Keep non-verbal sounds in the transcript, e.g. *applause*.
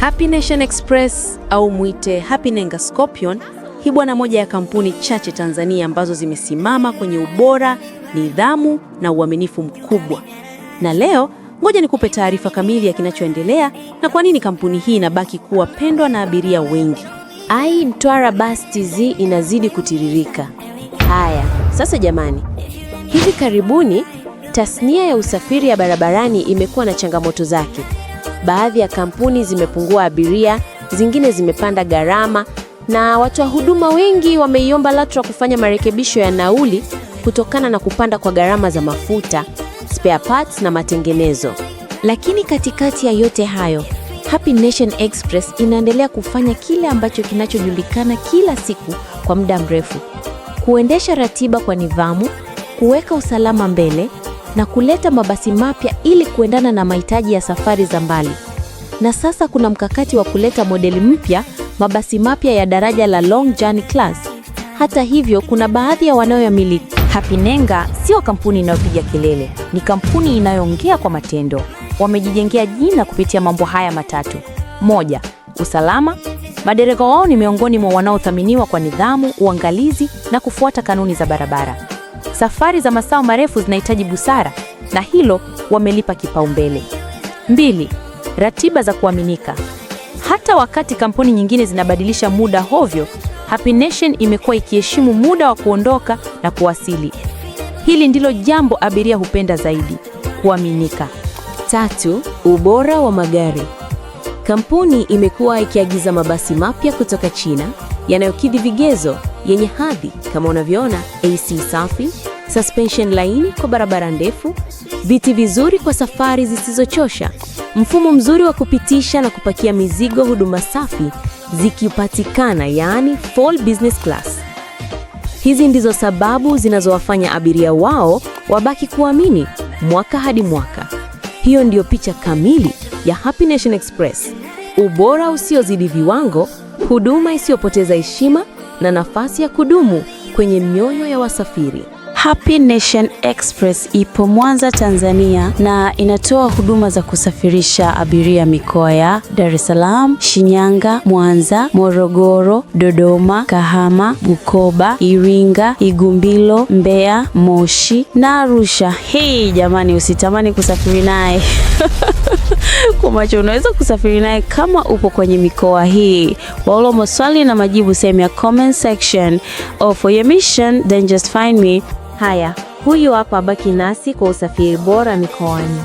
Happy Nation Express au mwite Happy Nenga Scorpion, hii bwana, moja ya kampuni chache Tanzania ambazo zimesimama kwenye ubora, nidhamu na uaminifu mkubwa. Na leo ngoja nikupe taarifa kamili ya kinachoendelea na kwa nini kampuni hii inabaki kuwa pendwa na abiria wengi. Ai, Mtwara Bus TZ inazidi kutiririka. Haya sasa, jamani, hivi karibuni tasnia ya usafiri ya barabarani imekuwa na changamoto zake. Baadhi ya kampuni zimepungua abiria, zingine zimepanda gharama, na watoa huduma wengi wameiomba LATRA kufanya marekebisho ya nauli kutokana na kupanda kwa gharama za mafuta, spare parts na matengenezo. Lakini katikati ya yote hayo, Happy Nation Express inaendelea kufanya kile ambacho kinachojulikana kila siku kwa muda mrefu: kuendesha ratiba kwa nidhamu, kuweka usalama mbele na kuleta mabasi mapya ili kuendana na mahitaji ya safari za mbali. Na sasa kuna mkakati wa kuleta modeli mpya, mabasi mapya ya daraja la Long Journey Class. Hata hivyo, kuna baadhi ya wanaoyamiliki. hapinenga sio kampuni inayopiga kelele, ni kampuni inayoongea kwa matendo. Wamejijengea jina kupitia mambo haya matatu. Moja, usalama. Madereva wao ni miongoni mwa wanaothaminiwa kwa nidhamu, uangalizi na kufuata kanuni za barabara. Safari za masafa marefu zinahitaji busara na hilo wamelipa kipaumbele. Mbili, ratiba za kuaminika. Hata wakati kampuni nyingine zinabadilisha muda hovyo, Happy Nation imekuwa ikiheshimu muda wa kuondoka na kuwasili. Hili ndilo jambo abiria hupenda zaidi, kuaminika. Tatu, ubora wa magari. Kampuni imekuwa ikiagiza mabasi mapya kutoka China yanayokidhi vigezo yenye hadhi kama unavyoona, AC safi, suspension laini kwa barabara ndefu, viti vizuri kwa safari zisizochosha, mfumo mzuri wa kupitisha na kupakia mizigo, huduma safi zikipatikana, yaani full business class. Hizi ndizo sababu zinazowafanya abiria wao wabaki kuamini mwaka hadi mwaka. Hiyo ndiyo picha kamili ya Happy Nation Express: ubora usiozidi viwango, huduma isiyopoteza heshima na nafasi ya kudumu kwenye mioyo ya wasafiri. Happy Nation Express ipo Mwanza, Tanzania na inatoa huduma za kusafirisha abiria mikoa ya Dar es Salaam, Shinyanga, Mwanza, Morogoro, Dodoma, Kahama, Bukoba, Iringa, Igumbilo, Mbeya, Moshi na Arusha. hii jamani, usitamani kusafiri naye *laughs* kwa macho. Unaweza kusafiri naye kama upo kwenye mikoa hii. Waulo maswali na majibu sehemu ya comment section. Or for your mission then just find me. Haya, huyu hapa, baki nasi kwa usafiri bora mikoani.